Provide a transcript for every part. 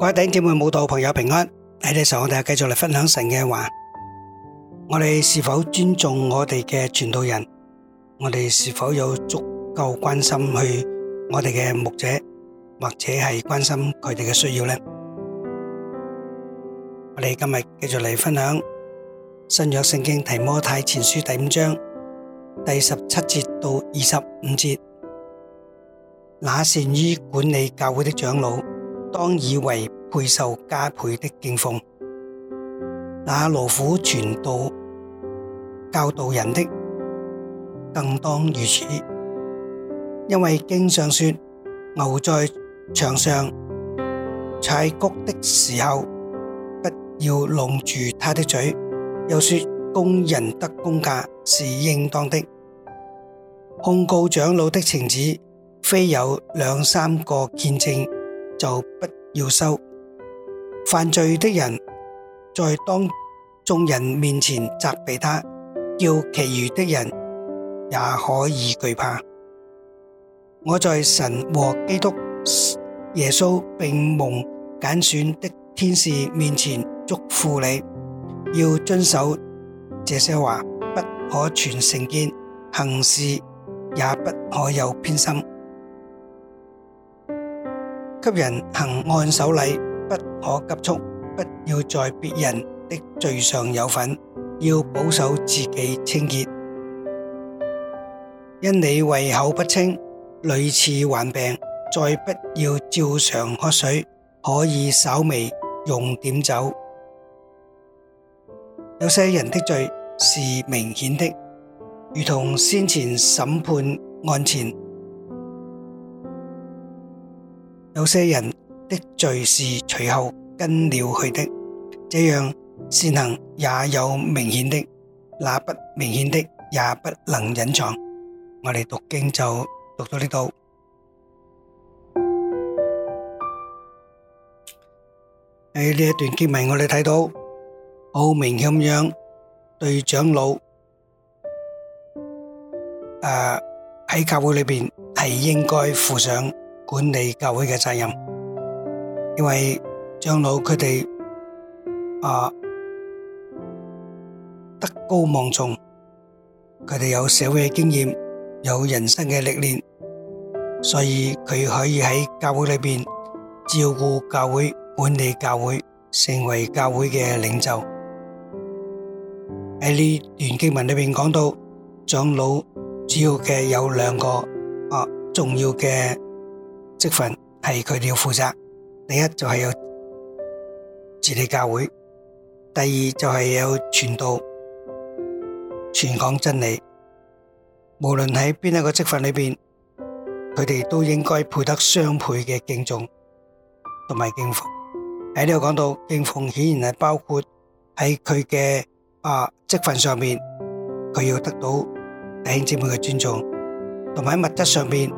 各位頂點會信徒朋友平安，喺呢時候我哋繼續嚟分享神嘅話。我哋是否尊重我哋嘅傳道人？我哋是否有足夠關心去我哋嘅牧者，或者係關心佢哋嘅需要咧？我哋今日繼續嚟分享新約聖經提摩太前書第五章第十七節到二十五節。那善於管理教會的長老，當以為倍受加倍的敬奉，那羅虎傳道教導人的，更當如此。因為經常說，牛在場上踩谷的時候，不要弄住他的嘴；又說，工人得公價是應當的。控告長老的情子，非有兩三個見證，就不要收。犯罪的人，在當眾人面前責備他，叫其餘的人也可以懼怕。我在神和基督耶穌並蒙揀選的天使面前祝福你，囑咐你要遵守這些話，不可存成見，行事也不可有偏心，給人行按手禮。不可急促，不要在別人的罪上有份，要保守自己清潔。因你胃口不清，屢次患病，再不要照常喝水，可以稍微用點酒。有些人的罪是明顯的，如同先前審判案前，有些人。的罪是隨後跟了去的。這樣善行也有明顯的，那不明顯的也不能隱藏。我哋讀經就讀到呢度。喺呢一段經文，我哋睇到好明顯咁樣，對長老誒喺教會裏邊係應該負上管理教會嘅責任。因為長老佢哋啊德高望重，佢哋有社會嘅經驗，有人生嘅歷練，所以佢可以喺教會裏邊照顧教會、管理教會，成為教會嘅領袖。喺呢段經文裏邊講到，長老主要嘅有兩個啊重要嘅職份係佢哋要負責。第一就係有治理教會，第二就係有傳道、傳講真理。無論喺邊一個職份裏面，佢哋都應該配得雙倍嘅敬重同埋敬奉。喺呢度講到敬奉，顯然係包括喺佢嘅啊職份上面，佢要得到弟兄姊妹嘅尊重，同埋喺物質上面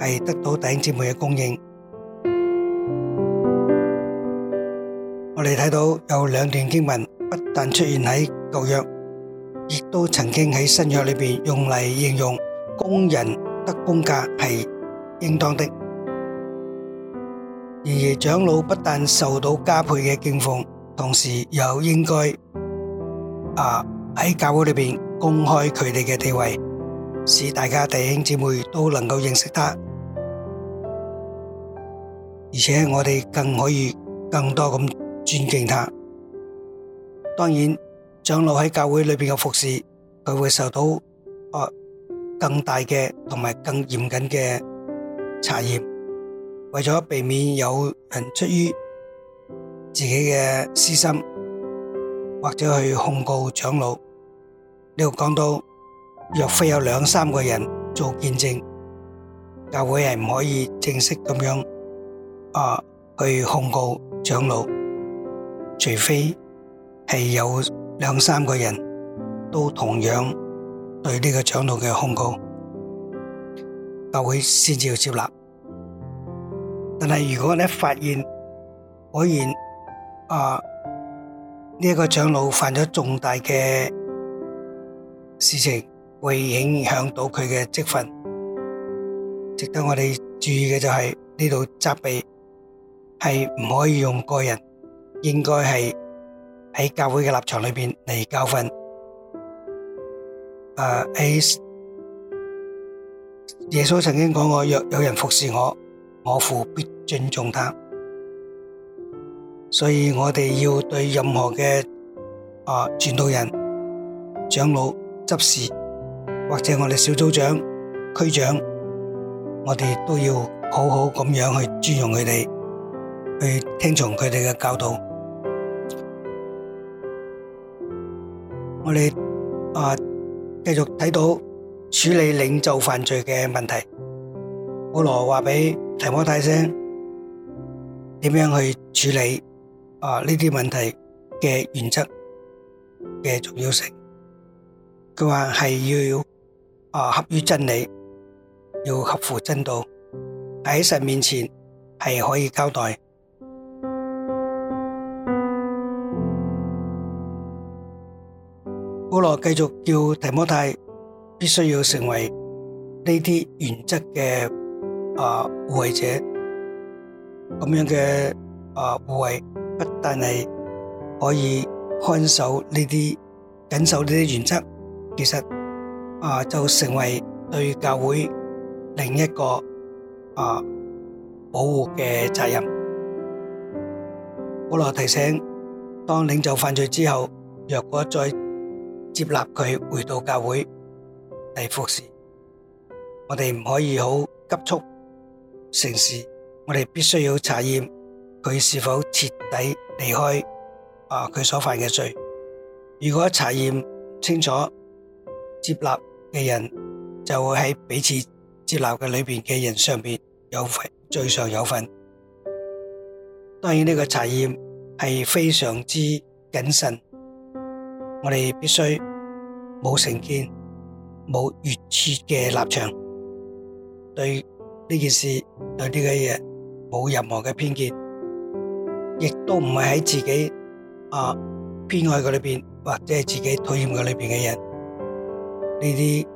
係得到弟兄姊妹嘅供應。我哋睇到有兩段經文，不但出現喺舊約，亦都曾經喺新約裏邊用嚟形容工人得工價係應當的。然而長老不但受到加倍嘅敬奉，同時又應該啊喺教會裏邊公開佢哋嘅地位，使大家弟兄姊妹都能夠認識他。而且我哋更可以更多咁。尊敬他。當然，長老喺教會裏邊嘅服侍，佢會受到啊更大嘅同埋更嚴謹嘅查驗，為咗避免有人出於自己嘅私心或者去控告長老。呢度講到，若非有兩三個人做見證，教會係唔可以正式咁樣啊去控告長老。除非係有兩三個人都同樣對呢個長老嘅控告，就會先至要接納。但係如果你發現果然啊呢一個長老犯咗重大嘅事情，會影響到佢嘅積分，值得我哋注意嘅就係呢度責備係唔可以用個人。應該係喺教會嘅立場裏面嚟教訓。誒、啊，耶穌曾經講過：若有人服侍我，我父必尊重他。所以我哋要對任何嘅啊傳道人、長老、執事或者我哋小組長、區長，我哋都要好好咁樣去尊重佢哋，去聽從佢哋嘅教導。我哋啊，繼續睇到處理領袖犯罪嘅問題，保羅話俾提摩太聽，點樣去處理啊呢啲問題嘅原則嘅重要性。佢話係要啊合於真理，要合乎真道，喺神面前係可以交代。保羅繼續叫提摩太必須要成為呢啲原則嘅啊護衛者，咁樣嘅啊護衛不但係可以看守呢啲、謹守呢啲原則，其實啊就成為對教會另一個啊保護嘅責任。保羅提醒，當領袖犯罪之後，若果再接納佢回到教會嚟我哋必須冇成見、冇預設嘅立場，對呢件事、對呢個嘢冇任何嘅偏見，亦都唔係喺自己啊偏愛的裏面或者係自己討厭的裏面的人呢啲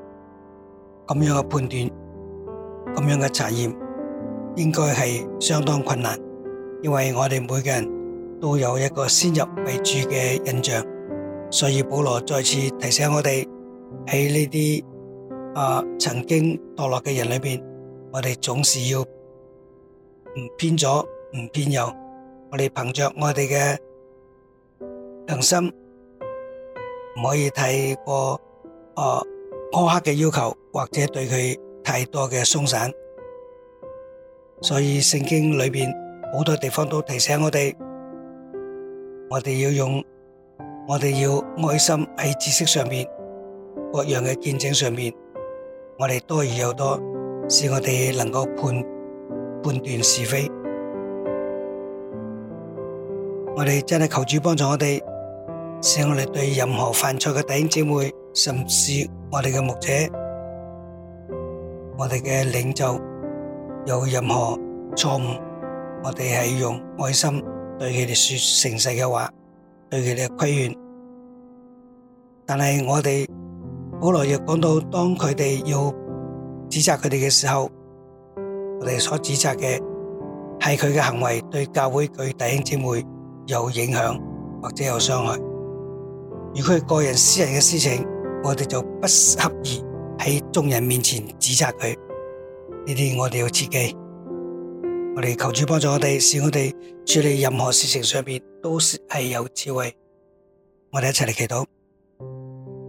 咁樣嘅判斷、咁樣嘅察驗，應該係相當困難，因為我哋每個人都有一個先入為主嘅印象。所以保羅再次提醒我哋喺呢啲啊曾經墮落嘅人裏面，我哋總是要唔偏左、唔偏右，我哋憑着我哋嘅良心，唔可以太過啊苛刻嘅要求，或者對佢太多嘅鬆散。所以聖經裏面好多地方都提醒我哋，我哋要用我哋要愛心喺知識上面，各樣嘅見證上面，我哋多而又多，使我哋能夠判判斷是非。我哋真係求主幫助我哋，使我哋對任何犯錯嘅弟兄姊妹，甚至我哋嘅牧者、我哋嘅領袖有任何錯誤，我哋係用愛心對佢哋說誠實嘅話。對佢哋嘅規勸。但係我哋保羅又講到，當佢哋要指責佢哋嘅時候，我哋所指責嘅係佢嘅行為對教會弟兄姊妹有影響或者有傷害。如果係個人私人嘅事情，我哋就不合宜喺眾人面前指責佢。呢啲我哋要切記。我哋求主幫助我哋，使我哋處理任何事情上面，都是有智慧。我哋一齊嚟祈禱，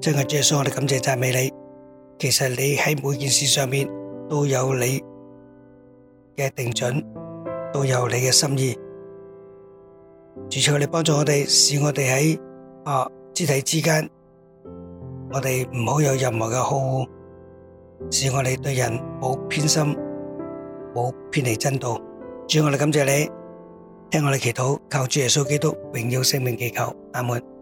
真係主耶穌，我哋感謝讚美你。其實你喺每件事上面都有你嘅定準，都有你嘅心意。主，求你幫助我哋，使我哋喺啊肢體之間，我哋唔好有任何嘅好惡，使我哋對人冇偏心，冇偏離真道。主，我哋感謝你，聽我哋祈禱，靠主耶穌基督永遠生命祈求，阿門。